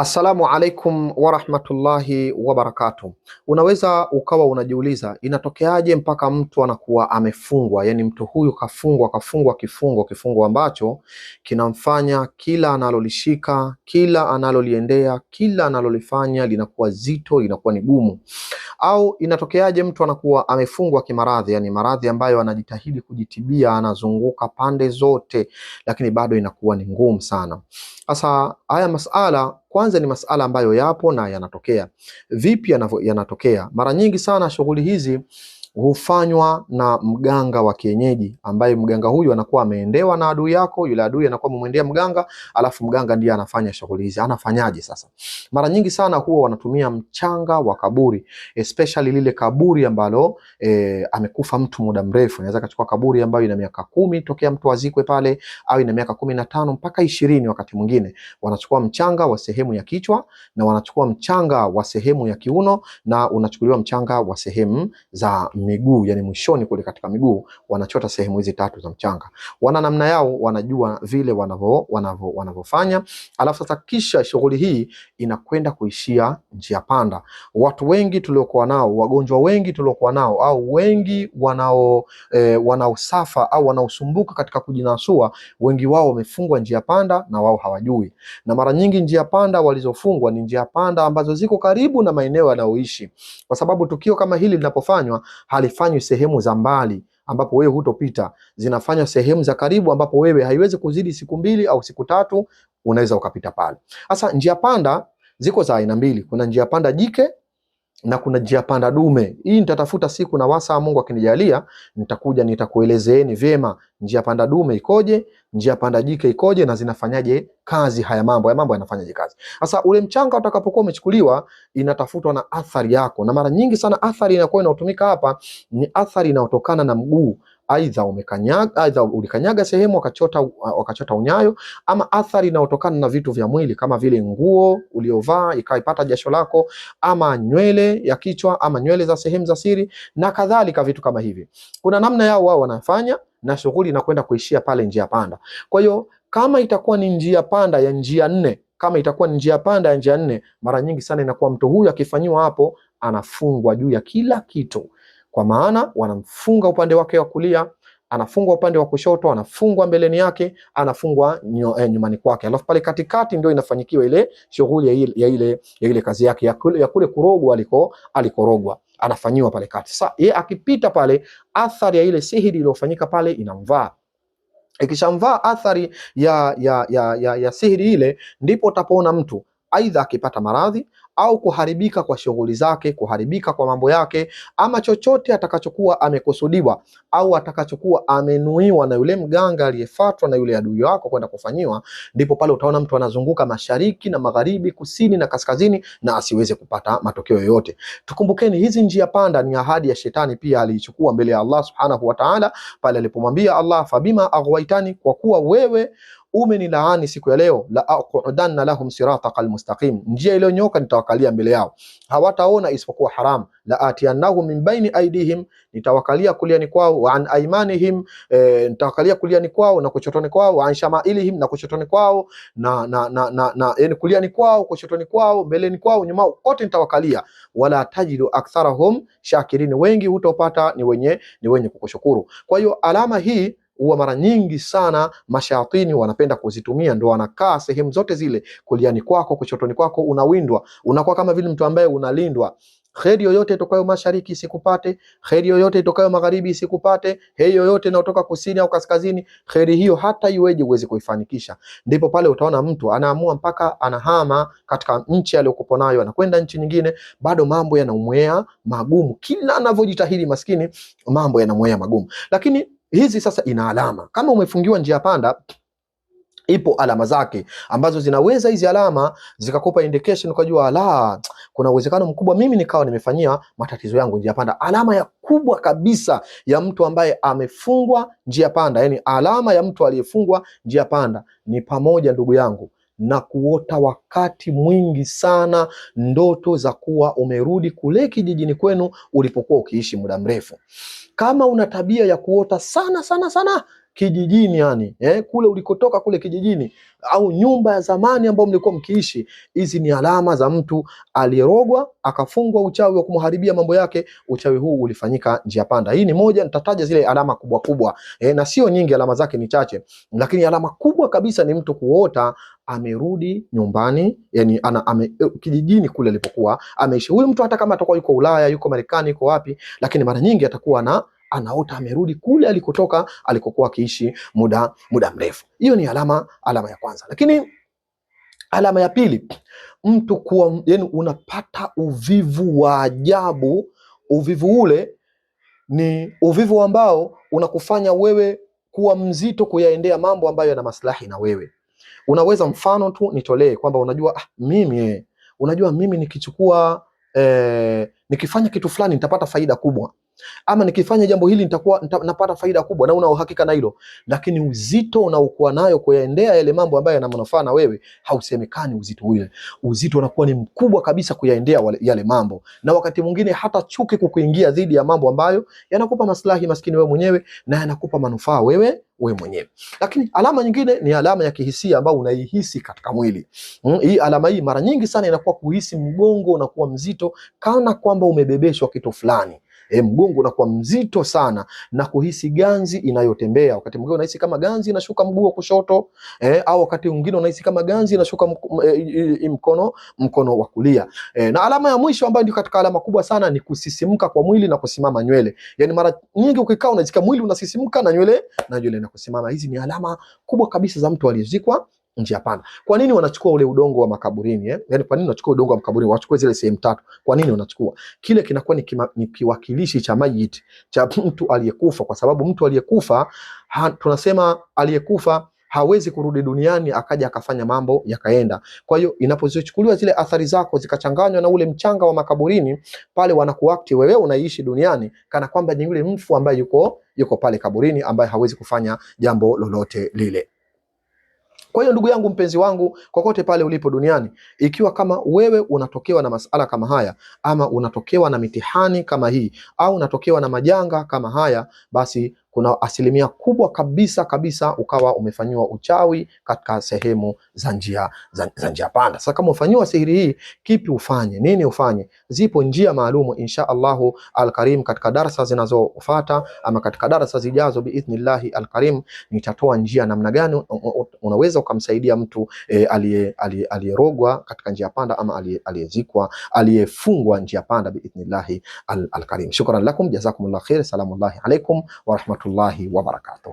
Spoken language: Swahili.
Assalamu alaikum warahmatullahi wabarakatuh. Unaweza ukawa unajiuliza inatokeaje mpaka mtu anakuwa amefungwa, yaani mtu huyu kafungwa kafungwa kifungo kifungo ambacho kinamfanya kila analolishika, kila analoliendea, kila analolifanya linakuwa zito, linakuwa ni gumu au inatokeaje mtu anakuwa amefungwa kimaradhi, yani maradhi ambayo anajitahidi kujitibia, anazunguka pande zote, lakini bado inakuwa ni ngumu sana. Sasa haya masala kwanza ni masala ambayo yapo na yanatokea. Vipi yanatokea? Mara nyingi sana shughuli hizi hufanywa na mganga wa kienyeji, ambaye mganga huyu anakuwa ameendewa na adui yako. Yule adui anakuwa amemwendea mganga, alafu mganga ndiye anafanya shughuli hizi. Anafanyaje sasa? Mara nyingi sana huwa wanatumia mchanga wa kaburi, especially lile kaburi ambalo e, amekufa mtu muda mrefu. Inaweza kachukua kaburi ambayo ina miaka kumi tokea mtu azikwe pale, au ina miaka kumi na tano mpaka ishirini wakati mwingine. Wanachukua mchanga wa sehemu ya kichwa na wanachukua mchanga wa sehemu ya kiuno na unachukuliwa mchanga wa sehemu za miguu, yani mwishoni kule katika miguu wanachota sehemu hizi tatu za mchanga. Wana namna yao, wanajua vile wanavyo wanavyo wanavyofanya. Alafu sasa kisha shughuli hii inakwenda kuishia njia panda. Watu wengi tuliokuwa nao, wagonjwa wengi tuliokuwa nao, au wengi wanao e, wanaosafa au wanaosumbuka katika kujinasua, wengi wao wamefungwa njia panda na wao hawajui. Na mara nyingi njia panda walizofungwa ni njia panda ambazo ziko karibu na maeneo yanayoishi, kwa sababu tukio kama hili linapofanywa halifanywi sehemu za mbali ambapo wewe hutopita, zinafanywa sehemu za karibu ambapo wewe haiwezi kuzidi siku mbili au siku tatu, unaweza ukapita pale. Sasa njia panda ziko za aina mbili, kuna njia panda jike na kuna njia panda dume. Hii nitatafuta siku na wasa Mungu akinijalia, nitakuja nitakuelezeeni vyema njia panda dume ikoje, njia panda jike ikoje, na zinafanyaje kazi haya mambo. Haya mambo yanafanyaje kazi? Sasa ule mchanga utakapokuwa umechukuliwa, inatafutwa na athari yako, na mara nyingi sana athari inakuwa inaotumika hapa ni athari inayotokana na mguu aidha umekanyaga, aidha ulikanyaga sehemu wakachota, wakachota unyayo ama athari inayotokana na vitu vya mwili kama vile nguo uliovaa ikaipata jasho lako ama nywele ya kichwa ama nywele za sehemu za siri na kadhalika, vitu kama hivi. Kuna namna yao wao wanafanya na shughuli inakwenda kuishia pale njia panda. Kwa hiyo kama itakuwa ni njia panda ya njia nne kama itakuwa ni njia panda ya njia nne, mara nyingi sana inakuwa mtu huyu akifanyiwa hapo anafungwa juu ya kila kitu kwa maana wanamfunga upande wake wa kulia, anafungwa upande wa kushoto, anafungwa mbeleni yake, anafungwa eh, nyumani kwake, alafu pale katikati ndio inafanyikiwa ile shughuli ya ile, ya ile, ya ile kazi yake ya kule, ya kule kurogwa aliko alikorogwa anafanyiwa pale kati. Sasa yeye akipita pale, athari ya ile sihiri iliyofanyika pale inamvaa ikishamvaa athari ya, ya, ya, ya, ya sihiri ile, ndipo utapoona mtu aidha akipata maradhi au kuharibika kwa shughuli zake, kuharibika kwa mambo yake, ama chochote atakachokuwa amekusudiwa au atakachokuwa amenuiwa na yule mganga aliyefatwa na yule adui wako kwenda kufanyiwa, ndipo pale utaona mtu anazunguka mashariki na magharibi, kusini na kaskazini, na asiweze kupata matokeo yoyote. Tukumbukeni, hizi njia panda ni ahadi ya shetani, pia aliichukua mbele ya Allah subhanahu wa ta'ala, pale alipomwambia Allah, fabima aghwaitani, kwa kuwa wewe umenilaani siku ya leo, la aqudanna lahum sirataqal mustaqim, njia iliyonyoka nitawakalia mbele yao, hawataona isipokuwa haram. La atiyannahum min baini aidihim, nitawakalia kuliani kwao, wa an aimanihim, e, nitawakalia kuliani kwao na kuchotoni kwao, wa an shamailihim, na kuchotoni kwao na na na na, na yani kuliani kwao, kuchotoni kwao, mbeleni kwao, nyuma kote nitawakalia. Wala tajidu aktharahum shakirin, wengi hutopata ni wenye ni wenye kukushukuru. Kwa hiyo alama hii huwa mara nyingi sana mashayatini wanapenda kuzitumia, ndo wanakaa sehemu zote zile, kuliani kwako, kushotoni kwako, unawindwa, unakuwa kama vile mtu ambaye unalindwa Kheri yoyote itokayo mashariki isikupate, kheri yoyote itokayo magharibi isikupate, heri yoyote inayotoka kusini au kaskazini, kheri hiyo hata iweje uweze kuifanikisha. Ndipo pale utaona mtu anaamua mpaka anahama katika nchi aliyokupo nayo, anakwenda nchi nyingine, bado mambo yanamwea magumu. Kila anavyojitahidi maskini, mambo yanamwea magumu, lakini hizi sasa ina alama. Kama umefungiwa njia panda, ipo alama zake ambazo zinaweza hizi alama zikakupa indication ukajua, la, kuna uwezekano mkubwa mimi nikawa nimefanyia matatizo yangu njia panda. Alama ya kubwa kabisa ya mtu ambaye amefungwa njia panda, yani alama ya mtu aliyefungwa njia panda ni pamoja, ndugu yangu na kuota wakati mwingi sana ndoto za kuwa umerudi kule kijijini kwenu ulipokuwa ukiishi muda mrefu. Kama una tabia ya kuota sana sana sana, kijijini yani, eh, kule ulikotoka kule kijijini au nyumba ya zamani ambayo mlikuwa mkiishi. Hizi ni alama za mtu aliyerogwa akafungwa uchawi wa kumharibia mambo yake. Uchawi huu ulifanyika njia panda. Hii ni moja, nitataja zile alama kubwa kubwa eh, na sio nyingi, alama zake ni chache, lakini alama kubwa kabisa ni mtu kuota amerudi nyumbani yani ana, ame, eh, kijijini kule alipokuwa ameishi. Huyu mtu hata kama atakuwa yuko Ulaya, yuko Marekani, yuko wapi, lakini mara nyingi atakuwa na anaota amerudi kule alikotoka alikokuwa akiishi muda muda mrefu. Hiyo ni alama alama ya kwanza, lakini alama ya pili, mtu kuwa yani, unapata uvivu wa ajabu. Uvivu ule ni uvivu ambao unakufanya wewe kuwa mzito kuyaendea mambo ambayo yana maslahi na wewe. Unaweza mfano tu nitolee kwamba unajua, ah, mimi unajua mimi nikichukua eh, nikifanya kitu fulani nitapata faida kubwa ama nikifanya jambo hili nitakuwa nita, napata faida kubwa, na una uhakika na hilo, lakini uzito unaokuwa nayo kuyaendea yale mambo ambayo yana manufaa na wewe hausemekani. Uzito ule uzito unakuwa ni mkubwa kabisa kuyaendea yale mambo, na wakati mwingine hata chuki kukuingia dhidi ya mambo ambayo yanakupa maslahi maskini wewe mwenyewe na yanakupa manufaa wewe wewe mwenyewe. Lakini alama nyingine ni alama ya kihisia ambayo unaihisi katika mwili. Mm, hii alama hii mara nyingi sana inakuwa kuhisi mgongo unakuwa mzito kana kwamba umebebeshwa kitu fulani e, mgongo unakuwa mzito sana na kuhisi ganzi inayotembea. Wakati mwingine unahisi kama ganzi inashuka mguu wa kushoto e, au wakati mwingine unahisi kama ganzi inashuka e, mkono mkono wa kulia e. Na alama ya mwisho ambayo ndio katika alama kubwa sana ni kusisimka kwa mwili na kusimama nywele. Yani mara nyingi ukikaa unajisikia mwili unasisimka na nywele na nywele na kusimama. Hizi ni alama kubwa kabisa za mtu aliyezikwa nje hapana. Kwa nini wanachukua ule udongo wa makaburini eh? Yaani kwa nini wanachukua udongo wa makaburini? Wachukue zile sehemu tatu. Kwa nini wanachukua? Kile kinakuwa ni, kima, ni kiwakilishi cha majiti cha mtu aliyekufa kwa sababu mtu aliyekufa tunasema aliyekufa hawezi kurudi duniani akaja akafanya mambo yakaenda. Kwa hiyo inapozichukuliwa zile athari zako zikachanganywa na ule mchanga wa makaburini pale, wanakuakti wewe unaishi duniani kana kwamba ni yule mfu ambaye yuko yuko pale kaburini ambaye hawezi kufanya jambo lolote lile. Kwa hiyo ndugu yangu, mpenzi wangu, kokote pale ulipo duniani, ikiwa kama wewe unatokewa na masala kama haya, ama unatokewa na mitihani kama hii, au unatokewa na majanga kama haya, basi kuna asilimia kubwa kabisa kabisa ukawa umefanyiwa uchawi katika sehemu za njia za njia panda. Sasa kama ufanyiwa sihiri hii, kipi ufanye? Nini ufanye? Zipo njia maalum insha Allahu alkarim, katika darasa zinazofuata ama katika darasa zijazo biidhnillahi alkarim, nitatoa njia namna gani unaweza ukamsaidia mtu e, aliyerogwa katika njia panda ama aliyezikwa aliyefungwa njia panda biidhnillahi alkarim. Shukran lakum jazakumullah khair. Salamullahi alaikum warahmatullahi wabarakatuh.